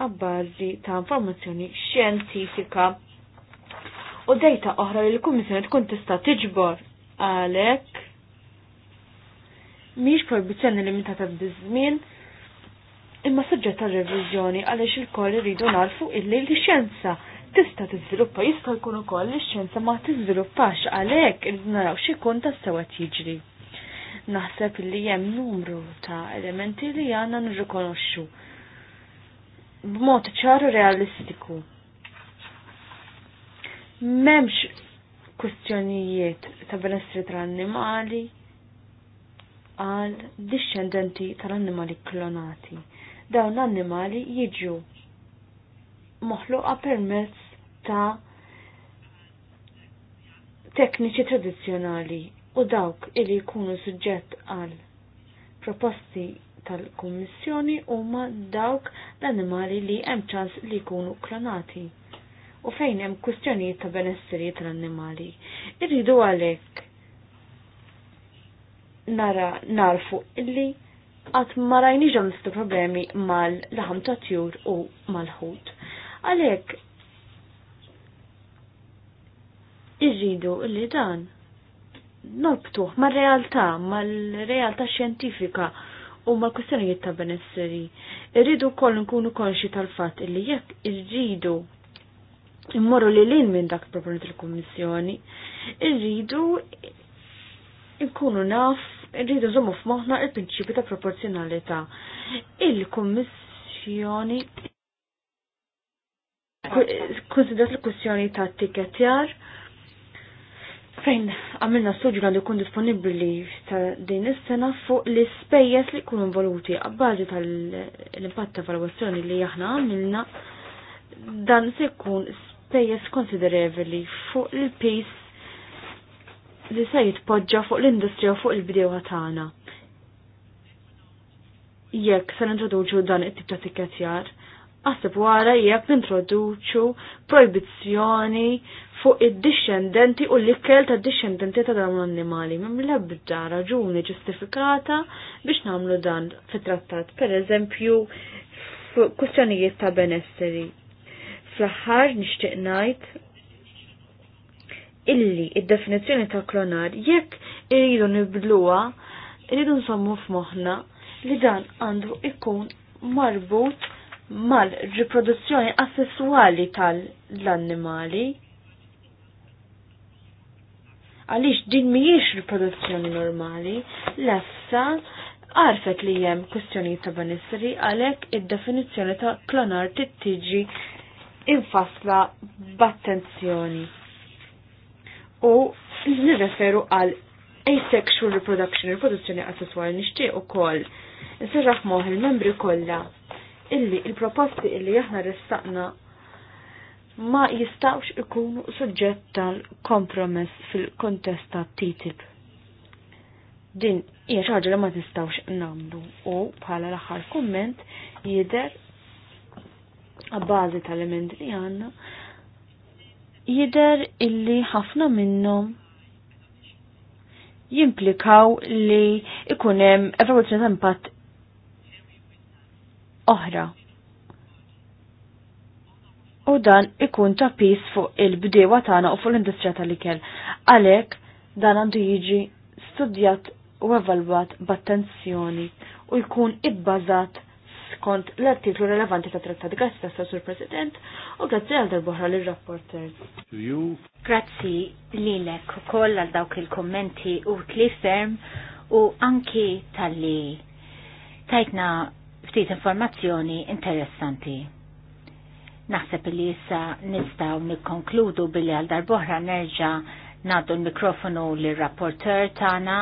għabbażi ta' informazzjoni xjentifika u dejta oħra li l-Kummissjoni tkun tista' tiġbor għalhekk miex proibizzjoni limitata biż-żmien imma suġġett ta' reviżjoni għaliex il-koll iridu narfu illi l-xjenza tista' tiżviluppa jista' jkun ukoll ix-xjenza ma tiżviluppax għalhekk irid naraw kun tas-sewet jiġri naħseb li hemm numru ta' elementi li għandna nirrikonoxxu b'mod ċaru realistiku. M'hemmx kwistjonijiet ta' benessri tal-annimali għal disċendenti tal-annimali klonati. Dawn l-annimali jiġu moħluqa permezz ta' tekniċi tradizjonali u dawk illi jkunu suġġett għal proposti tal-Kummissjoni huma dawk l-annimali li hemm ċans li jkunu klonati u fejn hemm kwistjonijiet ta' benesseri tal-annimali. Irridu għalhekk nara narfu illi qatt ma rajniex hemm problemi mal-laħam ta' tjur u mal-ħut. Għalhekk irridu illi dan nobtu mal-realtà, mal-realtà xjentifika u mal-kwistjonijiet ta' benesseri. Irridu koll nkunu konxi tal-fatt illi jekk irridu immorru li lin minn dak proponit il-Kummissjoni, irridu nkunu naf, irridu żommu f'moħħna il-prinċipju ta' proporzjonalità. Il-Kummissjoni konsidrat il-kussjoni ta' tiketjar, fejn għamilna studju għandu jkun disponibbli ta' din is-sena fuq l ispejjeż li jkunu involuti għabbażi tal impatta ta' valwazzjoni li aħna għamilna dan se jkun spejjeż konsiderevoli fuq il-pis li se jitpoġġa fuq l-industrija u fuq il-bdewa tagħna. Jekk se nintroduċu dan it-tip ta' tikketjar, Għasib wara jekk nintroduċu proibizzjoni fuq id-discendenti u l-ikkel ta' discendenti ta' dawn l-annimali Mim l-ebda raġuni ġustifikata biex namlu dan fit-trattat, per eżempju kustjonijiet ta' benesseri. Fl-aħħar nixtieq ngħid illi id-definizzjoni ta' klonar jekk iridu nibluha iridu nsommu f'moħħna li dan għandu ikun marbut mal-riproduzzjoni assessuali tal-annimali. Għalix din miħiex riproduzzjoni normali, l-essa għarfet li jem kustjoni ta' banisseri għalek id-definizjoni ta' klonar tittiġi infasla b'attenzjoni. U nirreferu għal asexual reproduction, riproduzzjoni assessuali nishtiq u koll. Nsirraħ moħ il-membri kolla illi il-proposti illi aħna restaqna ma jistawx ikunu suġġett tal-kompromess fil-kontest ta' TTIP. Din hija ħaġa li ma tistawx nagħmlu u bħala l-aħħar kumment jidher għabbażi tal emend li għandna jidher illi ħafna minnhom jimplikaw li ikunem evaluazzjoni ta' impatt oħra. U dan ikun ta' pis fuq il-bdewa tagħna u fuq l-industrija tal-ikel. Għalhekk dan għandu jiġi studjat u evalwat b'attenzjoni u jkun ibbażat skont l-artiklu relevanti ta' trattat grazzi ta' Sur President u grazzi għal darbohra l rapporter Grazzi lilek u koll għal dawk il-kommenti u tli ferm u anki tal-li tajtna ftit informazzjoni interessanti. Naħseb li issa nistaw nikkonkludu billi għal darbohra nerġa naddu l-mikrofonu li rapporter tana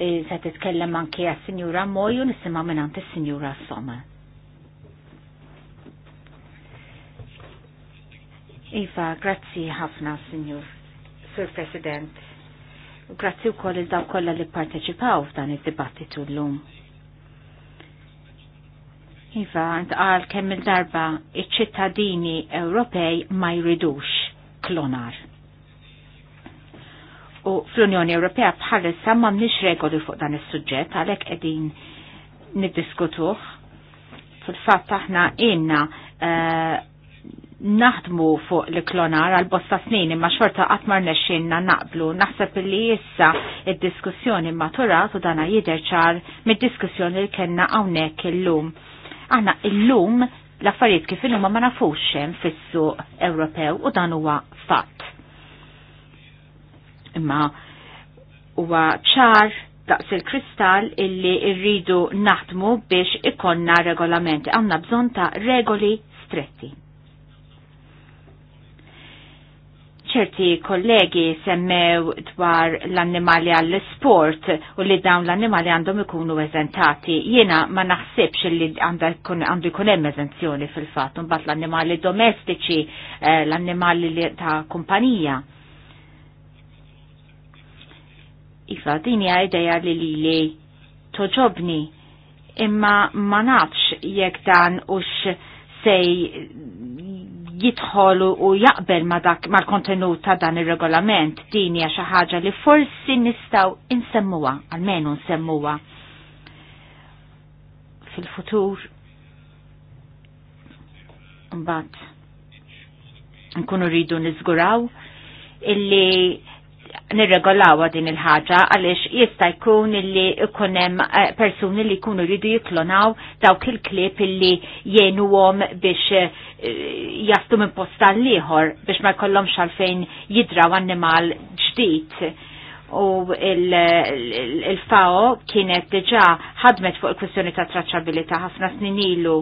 li se titkellem anki għas-Sinjura Moju nisimgħu minn is-Sinjura Soma. Iva, grazzi ħafna, Sinjur, Sur President. Grazzi u koll il-daw kolla li parteċipaw f'dan id-dibattitu l-lum. Iva, għal kemm il-darba iċ-ċittadini Ewropej ma jridux klonar. U fl-Unjoni Ewropea bħalissa ma mniex regoli fuq dan is-suġġett għalhekk qegħdin niddiskutuh. Fil-fatt aħna inna eh, naħdmu fuq li klonar għal bosta snin imma xorta għatmar nexxinna naqblu naħseb li jissa id-diskussjoni maturat u dana jiderċar ċar mid-diskussjoni li kena għawnek il-lum. il lum Aħna illum l-affarijiet kif illum ma nafux hemm fis Ewropew u dan huwa fatt. Imma huwa ċar daqs il-kristall illi rridu naħdmu biex ikonna regolamenti. Għanna bżon ta' regoli stretti. ċerti kollegi semmew dwar l-annimali għall-sport u li dawn l-annimali għandhom ikunu eżentati. Jiena ma naħsibx li għandu jkun hemm eżenzjoni fil-fatt, mbagħad l-annimali domestiċi, eh, l-annimali ta' kumpanija. Iva, din hija idea li li li toġobni, imma ma nafx jekk dan ux sej jidħol u jaqbel ma dak mal-kontenut ta' dan ir-regolament din hija xi ħaġa li forsi nistgħu insemmuha, almenu nsemmuha fil-futur. Mbagħad nkunu rridu nizguraw, illi nirregolawa din il-ħaġa għaliex jista' jkun illi jkun hemm eh, persuni li jkunu jridu jiklonaw dawk il-klip illi għom biex eh, jastum imposta liħor l biex ma jkollhomx għalfejn jidraw annimal ġdid. U il-FAO kienet diġa' ħadmet fuq il kwestjoni ta' traċabilita ħafna snin ilu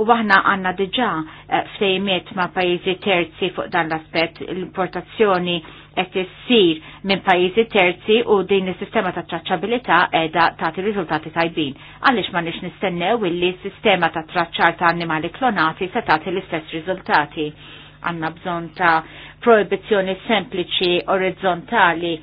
u aħna għanna diġa eh, fejmiet ma' pajizi terzi fuq dan l-aspet l-importazzjoni qed issir minn pajjiżi terzi u din is-sistema ta' traċċabilità qiegħda tagħti riżultati tajbin. Għaliex ma nix nistennew illi s-sistema ta' traċċar ta' annimali klonati se tagħti l-istess riżultati. Għanna bżonn ta' proibizzjoni sempliċi orizzontali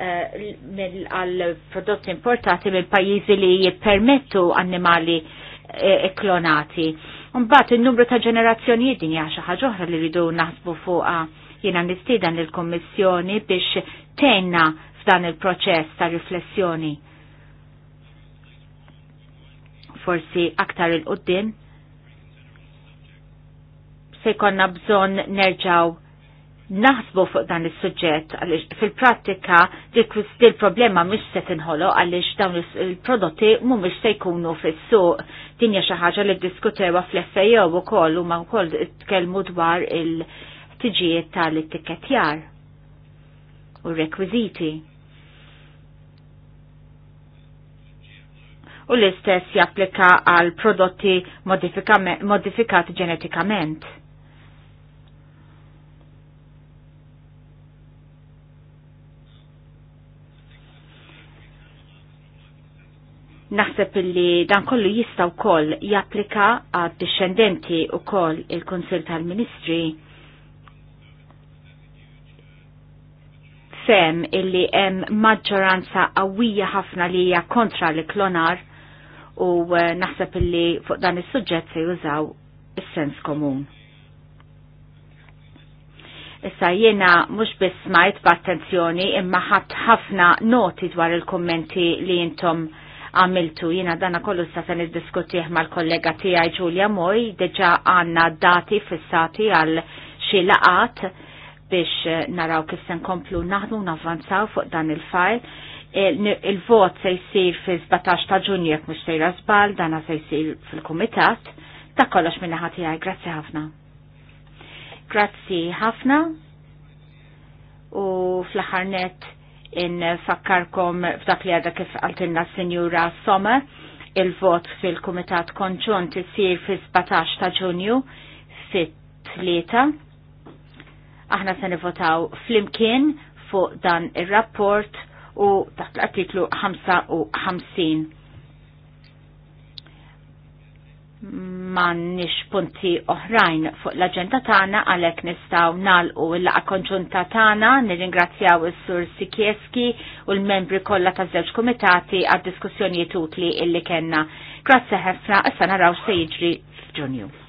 eh, għal prodotti importati minn pajjiżi li jippermettu annimali eh, klonati Mbagħad in-numru ta' ġenerazzjonijiet din hija xi ħaġa oħra li rridu naħsbu fuqha. Jiena nistieden lill-Kummissjoni biex tgħinna f'dan il-proċess ta' riflessjoni. Forsi aktar il-qudiem se jkollna bżonn nerġaw' naħsbu fuq dan is-suġġett għaliex fil-prattika dik il-problema mhux se tinħolo għaliex dawn il-prodotti mhumiex se jkunu fis-suq. Din hija xi ħaġa li ddiskutewha fl-FAO wkoll huma wkoll tkellmu dwar il-tiġijiet tal-ittikettjar u r-rekwiżiti. U l-istess japplika għal prodotti modifikati ġenetikament Naħseb illi dan kollu jista wkoll japplika għad discendenti wkoll il konsil tal-Ministri fem illi hemm maġġoranza qawwija ħafna li hija kontra li klonar u eh, naħseb illi fuq dan is-suġġett se jużaw is-sens komun. Issa jiena mhux biss smajt b'attenzjoni imma ħadd ħafna noti dwar il-kummenti li intom għamiltu jina dana kollu sa se niddiskutih mal-kollega tiegħi Ġulja Moj, diġà għandna dati fissati għal xi biex naraw kif se nkomplu naħdu navvanzaw fuq dan il-fajl. Il-vot se jisir fi 17 ta' ġunju jekk mhux sejra zbal, dana se jsir fil-kumitat. Ta' kollox minna ħati tiegħi, grazzi ħafna. Grazzi ħafna u fl-ħarnet infakkarkom f'dak li għadha kif għaltilna Sinjura Soma il-vot fil-Kumitat Konġunt isir fil-17 ta' Ġunju fit-tlieta. Aħna se nivotaw flimkien fuq dan ir-rapport u taħt l-artiklu 55 mannix punti oħrajn fuq l-agenda tagħna għalhekk nistgħu nagħlqu l-laqa konġunta tagħna nirringrazzjaw is-Sur Sikieski u l-membri kollha taż-żewġ kumitati għad-diskussjonijiet utli illi kellna. Grazzi ħafna issa raw se jiġri f'Ġunju.